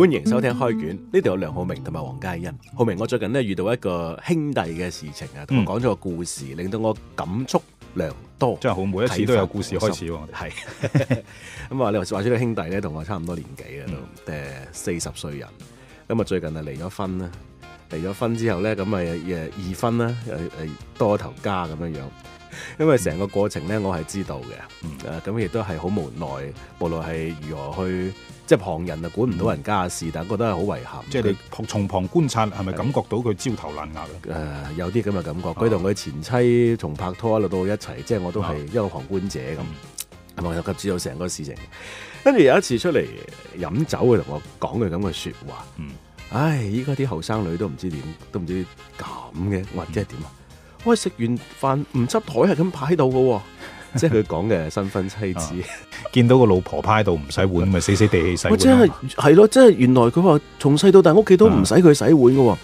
歡迎收聽開卷，呢度、嗯、有梁浩明同埋黃嘉欣。嗯、浩明,我最近咧遇到一個兄弟嘅事情啊，同我講咗個故事，嗯、令到我感觸良多。即係好，每一，醒每一次都有故事開始喎、啊。係咁話，你話，話說呢個兄弟咧，同我差唔多年紀啊，嗯、都誒四十歲人。咁、嗯、啊，最近係離咗婚啦，離咗婚之後咧，咁咪誒二婚啦，誒多一頭家咁樣樣。因為成個過程咧，我係知道嘅，咁亦都係好無奈，無奈係如何去。即係旁人就管唔到人家事，嗯、但係覺得係好遺憾。即係你旁從旁觀察，係咪感覺到佢焦頭爛額嘅？誒、呃，有啲咁嘅感覺。佢同佢前妻從拍拖一路到一齊，即係我都係一個旁觀者咁，係咪又及住到成個事情？跟住有一次出嚟飲酒嘅，佢同我講嘅咁嘅說話。嗯、唉，依家啲後生女都唔知點，都唔知咁嘅，或者知係點啊！嗯、喂，食完飯唔執檯係咁擺喺度嘅，不哦、 即係佢講嘅新婚妻子。啊見到個老婆趴喺度唔洗碗，咪死死地氣洗碗。哇！真係係咯，即係嗎原來佢話從細到大屋企都唔使佢洗碗㗎喎。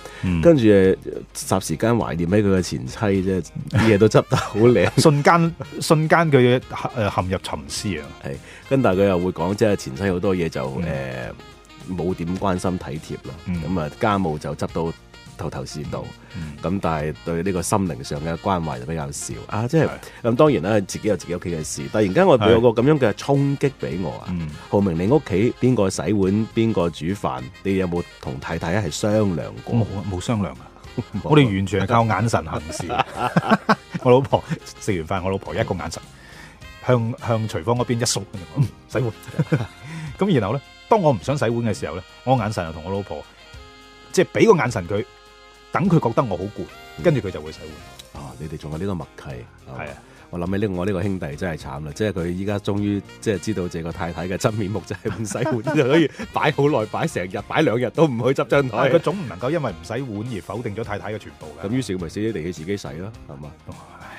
跟住誒，霎時間懷念起佢嘅前妻啫，啲嘢 都執得好靚。瞬間瞬間佢誒陷入沉思啊！係，跟住佢又會講，即係前妻好多嘢就冇、嗯呃、點關心體貼啦。咁啊、嗯，家務就執到。頭頭是道，咁、嗯嗯、但係對呢個心靈上嘅關懷就比較少啊！即係咁，是當然啦，自己有自己屋企嘅事。突然間我有個咁樣嘅衝擊俾我啊！浩是、嗯、明，你屋企邊個洗碗，邊個煮飯？你有冇同太太一係商量過？冇啊，冇商量啊！ 我哋完全係靠眼神行事。 我老婆食完飯，我老婆一個眼神向向廚房嗰邊一掃、嗯，洗碗。咁 然後咧，當我唔想洗碗嘅時候咧，我眼神就同我老婆即係俾個眼神佢。等佢覺得我好攰，跟住佢就會洗碗。嗯、啊！你哋仲有呢個默契。係啊，我諗起呢，我呢個兄弟真係慘啦，即係佢依家終於即係知道這個太太嘅真面目就係唔洗碗 就可以擺好耐，擺成日，擺兩日都唔去執張枱。佢總唔能夠因為唔洗碗而否定咗太太嘅全部嘅。咁於是咪死死地氣自己洗囉，係嘛？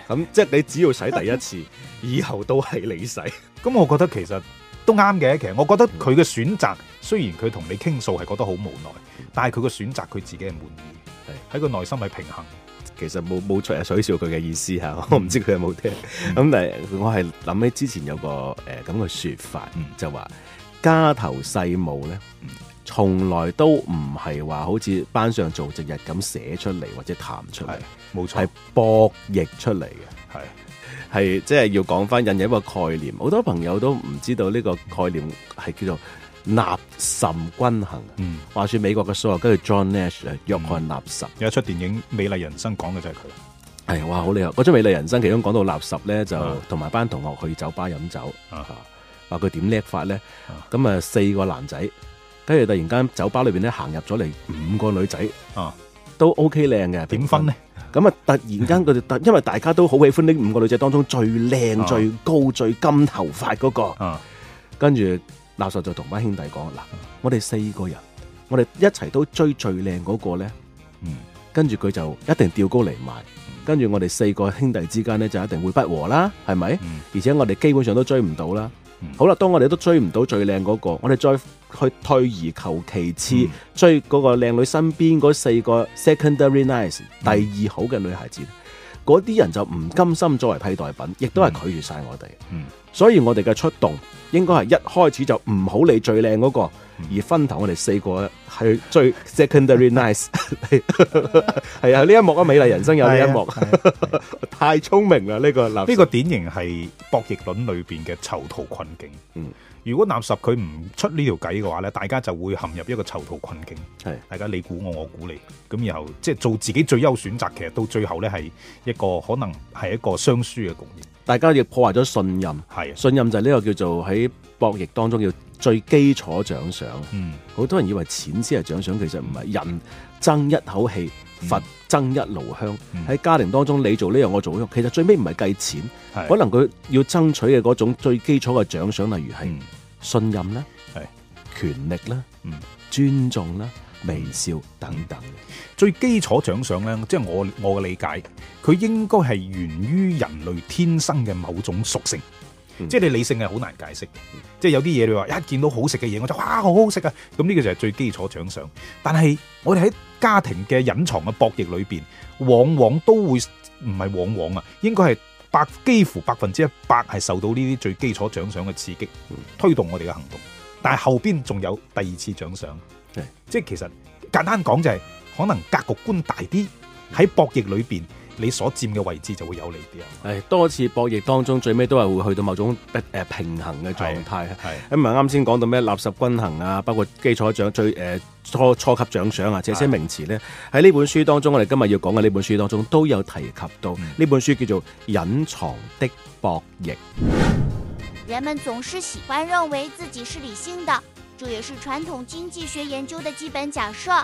咁唉即係你只要洗第一次， 以後都係你洗。咁 我覺得其實。都啱嘅，其實我覺得佢嘅選擇，嗯、雖然佢同你傾訴係覺得好無奈，嗯、但係佢嘅選擇佢自己係滿意嘅，喺個是內心係平衡。其實冇冇取笑佢嘅意思嚇，我唔知佢有冇聽。咁、嗯嗯、但係我係諗起之前有個誒咁嘅説法，嗯、就話家頭細務呢，嗯、從來都唔係話好似班上做值日咁寫出嚟或者彈出嚟，冇錯係博弈出嚟嘅，係。係即係要講翻引入一個概念，好多朋友都唔知道呢個概念係叫做納什均衡。嗯、話説美國嘅書，跟住 John Nash，約翰納什、嗯。有一出電影《美麗人生》講嘅就係佢。係、哎、哇，好厲害！嗰出《美麗人生》其中講到納什咧，就同埋班同學去酒吧飲酒，話佢點叻法咧？咁啊那四個男仔，跟住突然間酒吧裏邊咧行入咗嚟五個女仔，啊、都 OK 靚嘅。點分呢？咁啊！突然間佢就突，因為大家都好喜歡呢五個女仔當中最靚、啊、最高、最金頭髮嗰、那個，啊、就跟住垃圾就同班兄弟講：嗱、啊、我哋四個人，我哋一齊都追最靚嗰、那個咧，嗯，跟住佢就一定吊高嚟賣，跟住、嗯、我哋四個兄弟之間咧就一定會不和啦，係咪？嗯、而且我哋基本上都追唔到啦。嗯、好啦，當我哋都追唔到最靚嗰、嗰個，我哋再去退而求其次，嗯、追嗰個靚女身邊嗰四個 secondary nice，嗯、第二好嘅女孩子。嗰啲人就唔甘心作為替代品，亦都係拒絕晒我哋。嗯，所以我哋嘅出動應該係一開始就唔好理最靚嗰個，嗯、而分頭我哋四個係最 secondary nice。係啊，呢一幕啊，美麗人生有呢一幕，太聰明啦！呢、這個呢個典型係博弈論裏邊嘅囚徒困境。嗯。如果納什佢唔出呢條計嘅話，咧，大家就會陷入一個囚徒困境。的大家你估我，我估你，咁然後即係做自己最優選擇，其實到最後咧係一個可能係一個雙輸嘅局面。大家亦破壞咗信任。係的信任就係呢個叫做喺博弈當中叫最基礎獎賞。嗯，好多人以為錢先係獎賞，其實唔係人爭一口氣，嗯、佛爭一爐香。喺、嗯、家庭當中，你做呢、這、樣、個，我做嗰、樣、其實最尾唔係計錢，的可能佢要爭取嘅嗰種最基礎嘅獎賞，例如係，嗯信任啦，係權力啦，嗯，尊重啦，微笑等等，最基礎獎賞咧，即係我我嘅理解，佢應該係源於人類天生嘅某種屬性，嗯，即係你理性係好難解釋，嗯，即係有啲嘢你話一見到好食嘅嘢我就哇好好食啊，咁呢個就係最基礎獎賞，但係我哋喺家庭嘅隱藏嘅博弈裏邊，往往都會唔係往往啊，應該係。百幾乎百分之一百係受到呢啲最基礎獎賞嘅刺激，推動我哋嘅行動。但係後邊仲有第二次獎賞，是的即係其實簡單講就係、是、可能格局觀大啲喺博弈裏邊。你所佔嘅位置就會有利啲啊！係多次博弈當中，最尾都係會去到某種誒、呃、平衡嘅狀態。係咁啊！啱先講到咩垃圾均衡啊，包括基礎獎、最誒、呃、初初級獎賞啊，這些名詞咧喺呢的本書當中，我哋今日要講嘅呢本書當中都有提及到。呢、嗯、本書叫做《隱藏的博弈》。人們總是喜歡認為自己是理性的，這也是傳統經濟學研究的基本假設。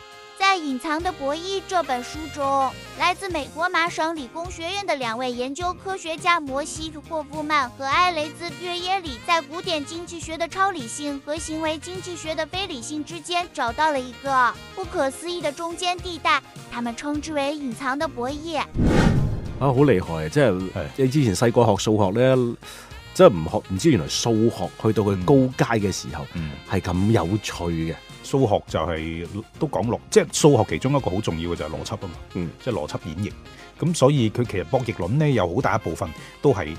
在《隱藏的博弈》這本書中，來自美國麻省理工學院的兩位研究科學家摩西霍夫曼和埃雷茲約耶里，在古典經濟學的超理性和行為經濟學的非理性之間，找到了一個不可思議的中間地帶，他們稱之為“隱藏的博弈”。啊，好厲害！即係，即係之前細個學數學呢，即係唔學，唔知原來數學去到佢高階嘅時候，係咁、嗯、有趣嘅。數學就係、是、都講落，即係數學其中一個好重要嘅就係邏輯啊嘛，嗯，即係邏輯演繹，咁所以佢其實博弈論咧有好大一部分都係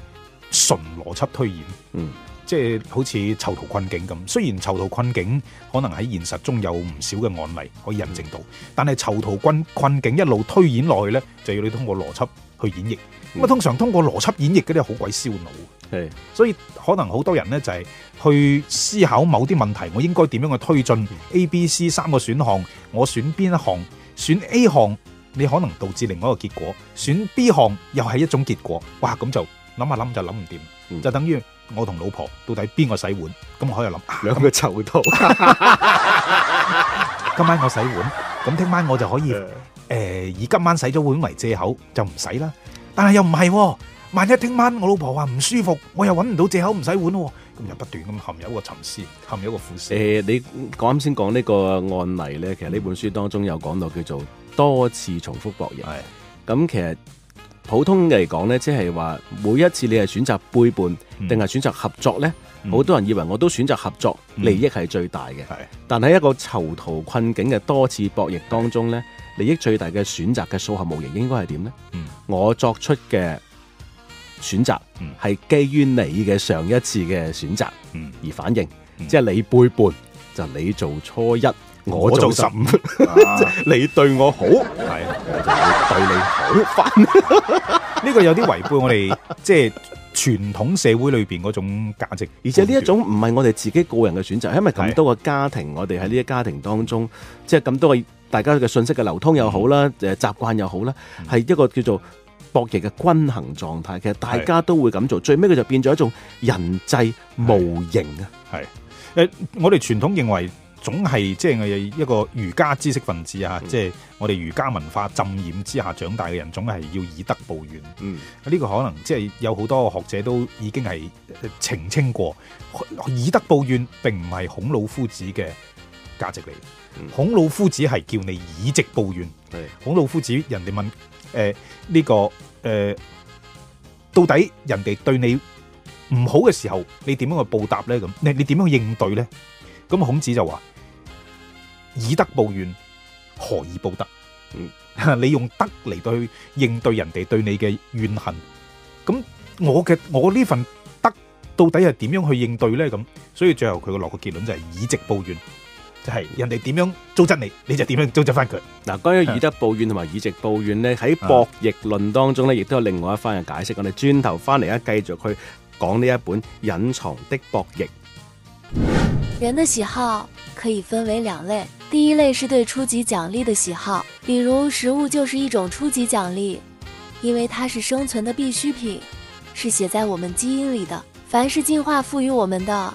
純邏輯推演，嗯，即係好似囚徒困境咁。雖然囚徒困境可能喺現實中有唔少嘅案例可以印證到，嗯、但係囚徒困困境一路推演落去咧，就要你通過邏輯去演繹，咁啊、嗯、通常通過邏輯演繹嗰啲好鬼燒腦。是所以可能好多人呢，就係、是、去思考某啲問題，我應該點樣去推進？A、B、C 三個選項，我選邊一項？選 A 項，你可能導致另外一個結果；選 B 項，又係一種結果。哇，咁就諗下諗就諗唔掂，嗯、就等於我同老婆到底邊個洗碗？咁我可以諗兩個囚徒，啊、 今晚我洗碗，咁聽晚我就可以誒、呃、以今晚洗咗碗為借口就唔洗啦。但係又唔係、啊。萬一聽晚我老婆話唔舒服，我又揾唔到借口唔使洗碗喎，咁又不斷咁陷入一個沉思，陷入一個苦思。呃、你講啱先講呢個案例呢？其實呢本書當中有講到叫做多次重複博弈。係咁是、嗯，其實普通嚟講呢，即係話每一次你係選擇背叛定係選擇合作呢？好、嗯、多人以為我都選擇合作，利益係最大嘅。嗯、是但喺一個囚徒困境嘅多次博弈當中呢，利益最大嘅選擇嘅數學模型應該係點呢？嗯、我作出嘅選擇係基於你嘅上一次嘅選擇而反應，即係你背叛就，你做初一，我做十五。你對我好，係我就會對你好。呢個有啲違背我哋即係傳統社會裏邊嗰種價值，而且呢一種唔係我哋自己個人嘅選擇，因為咁多個家庭，我哋喺呢啲家庭當中，即係咁多個大家嘅信息、嘅流通又好啦，誒，習慣又好啦，係一個叫做。博弈嘅均衡狀態，其實大家都會咁做，是最尾佢就變咗一種人際模型。啊。係誒，我哋傳統認為總係即係一個儒家知識分子啊，即係、嗯、我哋儒家文化浸染之下長大嘅人，總係要以德報怨。嗯，呢個可能即係有好多學者都已經係澄清過，以德報怨並唔係孔老夫子嘅價值嚟。孔老夫子係叫你以直報怨。係、嗯、孔老夫子，人哋問誒呢、呃這個。誒，到底人哋對你唔好嘅時候，你點樣去報答咧？咁你你點樣去應對咧？咁孔子就話以德報怨，何以報德？嗯，你用德嚟對，應對，對德到去應對人哋對你嘅怨恨。咁我嘅我呢份德到底係點樣去應對咧？咁所以最後佢個落個結論就係以直報怨。就係人哋點樣糟質你，你就點樣糟質翻佢。嗱、啊，關於以德報怨同埋以直報怨咧，喺博弈論當中咧，亦、啊、都有另外一番嘅解釋。我哋轉頭翻嚟啊，繼續去講呢一本隱藏的博弈。人的喜好可以分為兩類，第一類是對初級獎勵的喜好，比如食物就是一種初級獎勵，因為它是生存的必需品，是寫在我們基因裏的。凡是進化賦予我們的。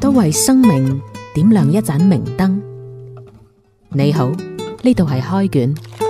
都為生命點亮一盞明燈。你好，呢度係開卷。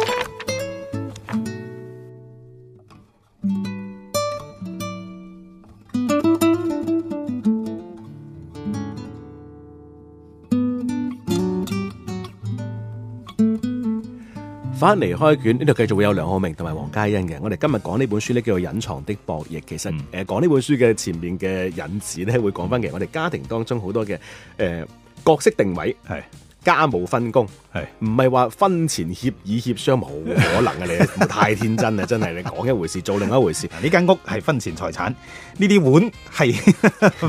翻嚟開卷，呢度繼續會有梁浩明同埋黃嘉欣嘅。我哋今日講呢本書呢，叫做《隱藏的博弈》，其實講呢本書嘅前面嘅引子咧，會講翻嘅，我哋家庭當中好多嘅誒、呃、角色定位家務分工係唔係話婚前協議協商，冇可能啊，你太天真啦，真係你講一回事做另一回事。呢間屋係婚前財產，呢啲碗係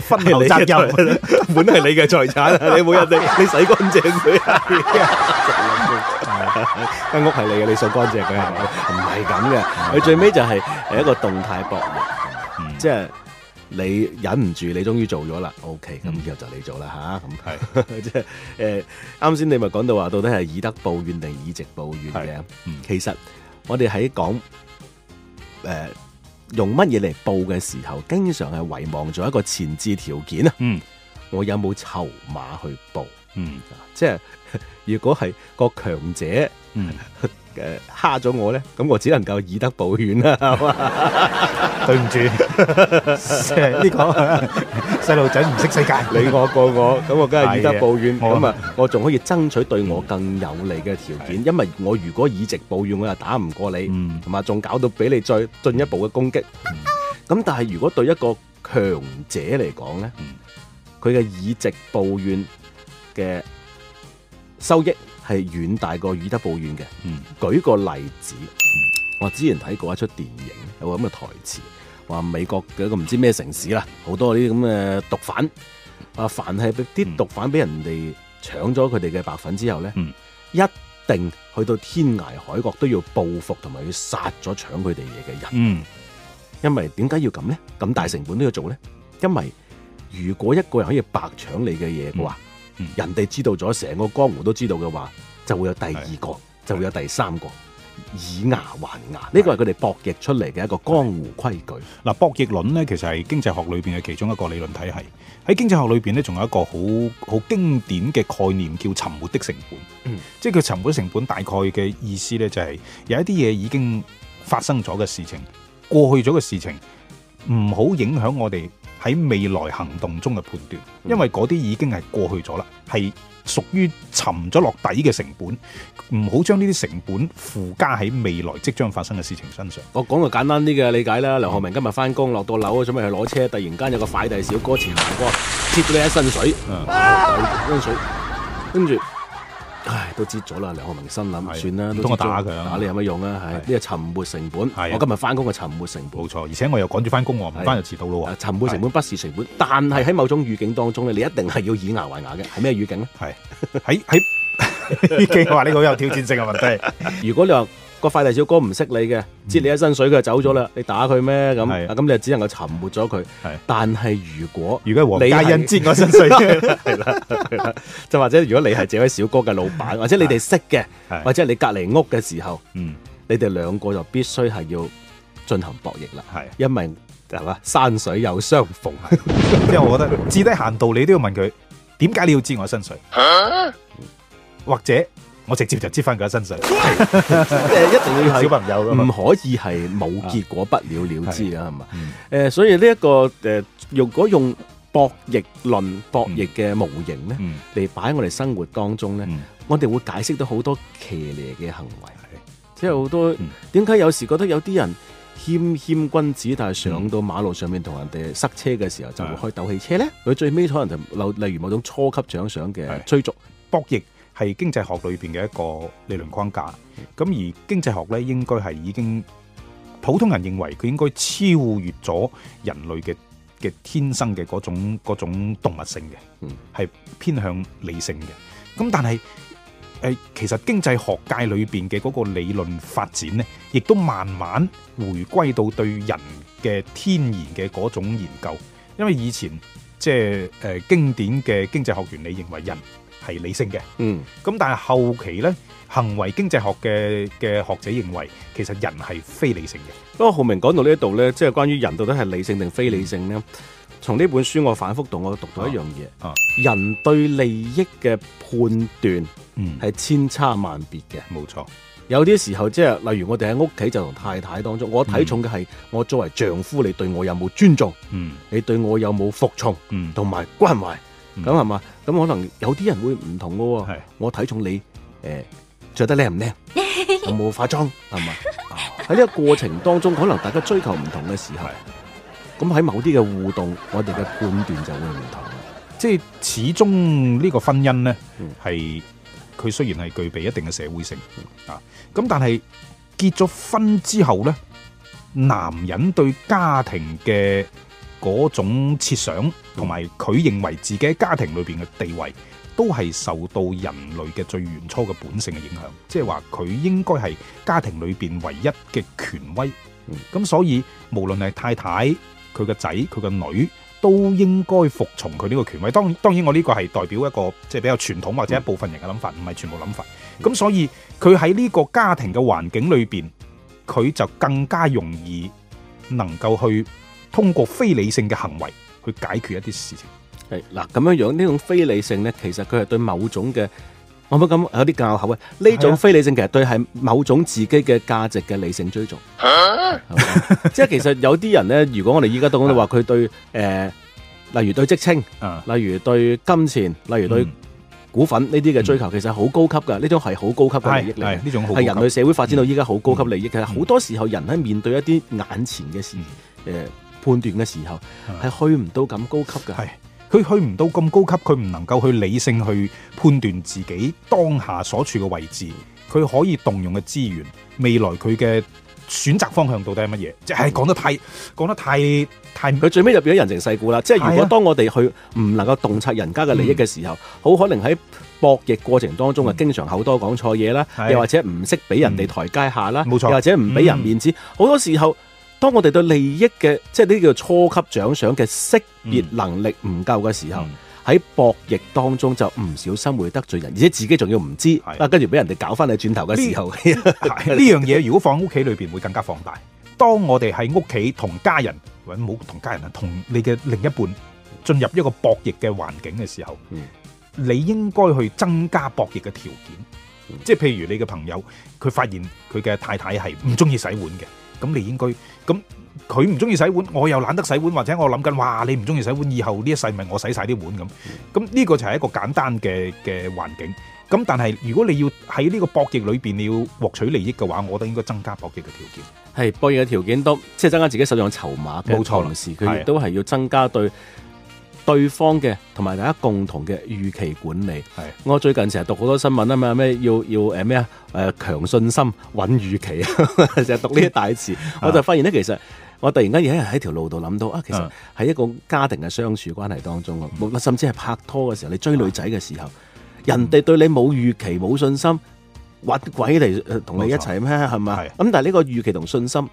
婚後責任，碗係你嘅財產，你每日你洗乾淨佢啊，間 屋係你嘅，你掃乾淨佢係咪？唔係咁嘅，佢最尾就係係一個動態博弈，即係、嗯。就是你忍唔住，你終於做咗啦。OK，咁、嗯、以後就你做啦吓？咁係即係誒，啱先是、 就是呃、你咪講到話，到底係以德報怨定以直報怨嘅？嗯，其實我哋喺講誒用乜嘢嚟報嘅時候，經常係遺忘咗一個前置條件啊。嗯，我有冇籌碼去報？嗯，即係、 就是、如果係個強者，嗯。誒，蝦咗我咧，咁我只能夠以德報怨啦，係嘛？對唔住，呢個細路仔唔識世界，你我過我，咁我梗係以德報怨，咁啊，我仲可以爭取對我更有利嘅條件，因為我如果以直報怨，我又打唔過你，同埋仲搞到俾你再進一步嘅攻擊，咁但係如果對一個強者嚟講咧，佢嘅以直報怨嘅收益，係遠大過以德報怨嘅。嗯、舉個例子，我之前睇過一出電影，有個咁嘅台詞，話美國嘅一個唔知咩城市啦，好多呢啲咁嘅毒販。啊，凡係啲毒販俾人哋搶咗佢哋嘅白粉之後咧，嗯、一定去到天涯海角都要報復，同埋要殺咗搶佢哋嘢嘅人。嗯、因為點解要咁咧？咁大成本都要做咧？因為如果一個人可以白搶你嘅嘢嘅話。嗯人哋知道咗，成個江湖都知道嘅話，就會有第二個，是的 就會有第三個，是的 以牙還牙，呢是的 個係佢哋博弈出嚟嘅一個江湖規矩。嗱，博弈論呢，其實係經濟學裏邊嘅其中一個理論體系。喺經濟學裏邊呢，仲有一個好好經典嘅概念叫沉沒的成本。嗯，即係佢沉沒成本大概嘅意思呢，就係有一啲嘢已經發生咗嘅事情，過去咗嘅事情，唔好影響我哋。喺未來行動中嘅判斷，因為嗰啲已經係過去咗啦，係屬於沉咗落底嘅成本，唔好將呢啲成本附加喺未來即將發生嘅事情身上。我講個簡單啲嘅理解啦，劉學明今日翻工落到樓，準備去攞車，突然間有個快遞小哥前嚟，哇，接你一身水，嗯、一身水，跟住。唉，都知咗啦！梁浩明心諗算啦，都通打佢。打你有乜用啊？係呢個沉沒成本。係我今日翻工嘅沉沒成本。冇錯，而且我又趕住翻工唔翻就遲到咯。沉沒成本不是成本，但係喺某種語境當中咧，你一定係要以牙還牙嘅。係咩語境咧？係喺喺，呢句話呢個好有挑戰性嘅問題。如果你話。個快遞小哥唔識你嘅，濺你一身水佢就走咗啦，你打佢咩咁？咁就只能夠沉沒咗佢。但係如果，如果黃嘉欣濺我身水，係啦，就或者如果你係這位小哥嘅老闆，或者你哋識嘅，或者你隔籬屋嘅時候，嗯，你哋兩個就必須係要進行博弈啦，係，因為係嘛，山水有相逢。即係我覺得至低限度，你都要問佢點解你要濺我身水，或者。我直接就接翻佢嘅身上，即係一定要小朋友，唔可以係冇結果不了了之啊，係嘛？誒，所以呢一個誒，如果用博弈論博弈嘅模型咧，嚟擺喺我哋生活當中咧，我哋會解釋到好多騎呢嘅行為，即係好多點解有時覺得有啲人謙謙君子，但係上到馬路上面同人哋塞車嘅時候就會開鬥氣車咧？佢最尾可能就例如某種初級獎賞嘅追逐博弈。係經濟學裏邊嘅一個理論框架，咁而經濟學呢，應該係已經普通人認為佢應該超越咗人類嘅嘅天生嘅嗰種嗰種動物性嘅，係偏向理性嘅。咁但係誒，其實經濟學界裏邊嘅嗰個理論發展呢，亦都慢慢回歸到對人嘅天然嘅嗰種研究，因為以前即係誒經典嘅經濟學原理認為人。係理性嘅，嗯，咁但係後期呢，行為經濟學嘅嘅學者認為，其實人係非理性嘅。不過浩明講到呢一度呢，即係關於人到底係理性定非理性呢？從呢、嗯、本書我反覆讀，我讀到一樣嘢、啊，啊，人對利益嘅判斷，嗯，係千差萬別嘅，冇錯。有啲時候即係例如我哋喺屋企就同太太當中，我睇重嘅係、嗯、我作為丈夫你對我有冇尊重，嗯，你對我有冇、嗯、服從，同埋、嗯、關懷。咁係嘛？咁、嗯、可能有啲人會唔同嘅、哦。的我睇重你誒，着、呃、得靚唔靚， 有冇化妝係嘛？喺呢、啊、個過程當中，可能大家追求唔同嘅時候，咁喺的某啲嘅互動，我哋嘅判斷就會唔同的。即係始終呢個婚姻咧，係佢、嗯、雖然係具備一定嘅社會性啊，咁但係結咗婚之後咧，男人對家庭嘅。嗰種設想同埋佢認為自己喺家庭裏邊嘅地位，都係受到人類嘅最原初嘅本性嘅影響。即係話佢應該係家庭裏邊唯一嘅權威。咁、嗯、所以無論係太太、佢個仔、佢個女，都應該服從佢呢個權威。當然當然，我呢個係代表一個即係、就是、比較傳統或者一部分人嘅諗法，唔係、嗯、全部諗法。咁、嗯、所以佢喺呢個家庭嘅環境裏邊，佢就更加容易能夠去。通過非理性嘅行為去解決一啲事情。係嗱咁樣樣呢種非理性咧，其實佢係對某種嘅，我唔敢話有啲拗口，嘅呢種非理性，其實對係某種自己嘅價值嘅理性追逐。即係其實有啲人咧，如果我哋依家到咁到話，佢對誒，例如對職稱，嗯、例如對金錢，例如對股份呢啲嘅追求，其實好高級噶。呢、嗯、種係好高級嘅利益嚟，呢種係人類社會發展到依家好高級嘅利益，嗯嗯、其實。好多時候人喺面對一啲眼前嘅事，誒、嗯。嗯判斷嘅時候係去唔到咁高級㗎，係佢去唔到咁高級，佢唔能夠去理性去判斷自己當下所處嘅位置，佢可以動用嘅資源，未來佢嘅選擇方向到底係乜嘢？即係講得太講得太太，佢、嗯、太最尾就變咗人情世故啦。是啊、即係如果當我哋去唔能夠洞察人家嘅利益嘅時候，好、嗯、可能喺博弈過程當中啊，經常口多講錯嘢啦，嗯、又或者唔識俾人哋台階下啦，冇、嗯、錯，又或者唔俾人面子，好、嗯、多時候。當我哋對利益嘅即係呢個初級獎賞嘅識別能力唔夠嘅時候，喺、嗯、博弈當中就唔小心會得罪人，而且自己仲要唔知，啊跟住俾人哋搞翻你轉頭嘅時候，呢樣嘢如果放屋企裏邊會更加放大。當我哋喺屋企同家人或者冇同家人啊，同你嘅另一半進入一個博弈嘅環境嘅時候，嗯、你應該去增加博弈嘅條件，即係譬如你嘅朋友佢發現佢嘅太太係唔中意洗碗嘅。咁你應該咁，佢唔中意洗碗，我又懶得洗碗，或者我諗緊，哇！你唔中意洗碗，以後呢一世咪我洗晒啲碗咁。咁呢個就係一個簡單嘅嘅環境。咁但係如果你要喺呢個博弈裏面，你要獲取利益嘅話，我覺得應該增加博弈嘅條件。係博弈嘅條件都即係增加自己手上籌碼，冇錯，同時，佢亦都係要增加對。對方嘅同埋大家共同嘅預期管理，係是我最近成日讀好多新聞啊嘛，咩要要誒咩啊誒強信心穩預期，成 日讀呢啲大詞。 我就發現咧，其實我突然間而喺喺條路度諗到啊，其實喺一個家庭嘅相處關係當中，嗯、甚至係拍拖嘅時候，你追女仔嘅時候，嗯、人哋對你冇預期冇信心，揾鬼嚟同你一齊咩？係咪？咁但係呢個預期同信心，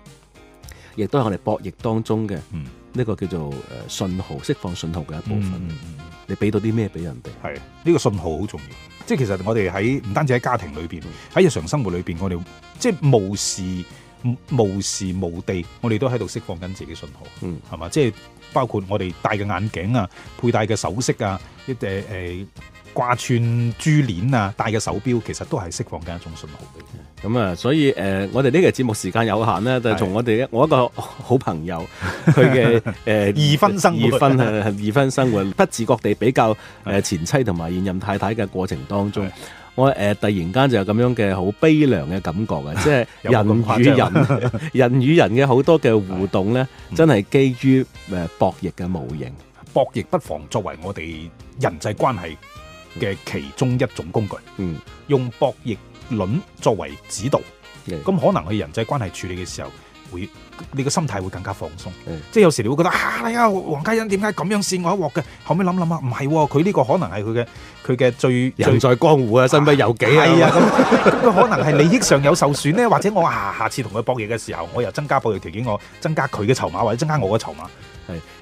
亦都係我哋博弈當中嘅。嗯呢個叫做誒信號釋放信號嘅一部分，嗯嗯、你俾到啲咩俾人哋？係呢、這個信號好重要，即係其實我哋喺唔單止喺家庭裏邊，喺日、嗯、常生活裏邊，我哋即係無時無，無時無地，我哋都喺度釋放緊自己信號，係嘛、嗯？即係包括我哋戴嘅眼鏡啊，佩戴嘅首飾啊，一啲誒。呃掛串珠鏈啊，戴嘅手錶其實都係釋放嘅一種信號。咁啊、嗯，所以誒、呃，我哋呢個節目時間有限呢，就從的我哋我一個好朋友佢嘅誒二婚生活， 呃、二婚 二婚生活不自覺地比較誒前妻同埋現任太太嘅過程當中，的我誒、呃、突然間就有咁樣嘅好悲涼嘅感覺啊，即係 人與人、 人與人嘅好多嘅互動咧，的真係基於誒博弈嘅模型。嗯、博弈不妨作為我哋人際關係。嘅其中一種工具，嗯，用博弈論作為指導，咁，嗯，可能去人際關係處理嘅時候。會你個心態會更加放鬆，即係有時你會覺得啊，你呀，黃嘉欣點解咁樣扇我一鑊嘅？後尾諗諗啊，唔係，佢呢個可能係佢嘅佢嘅最人在江湖啊，身不由己啊，咁可能係利益上有受損呢？或者我下下次同佢博弈嘅時候，我又增加博弈條件，我增加佢嘅籌碼，或者增加我嘅籌碼。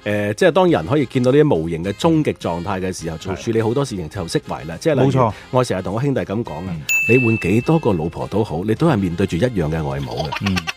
係誒，即係當人可以見到呢啲無形嘅終極狀態嘅時候，就處理好多事情就釋懷啦。即係冇錯，我成日同我兄弟咁講啊，你換幾多個老婆都好，你都係面對住一樣嘅外母嘅。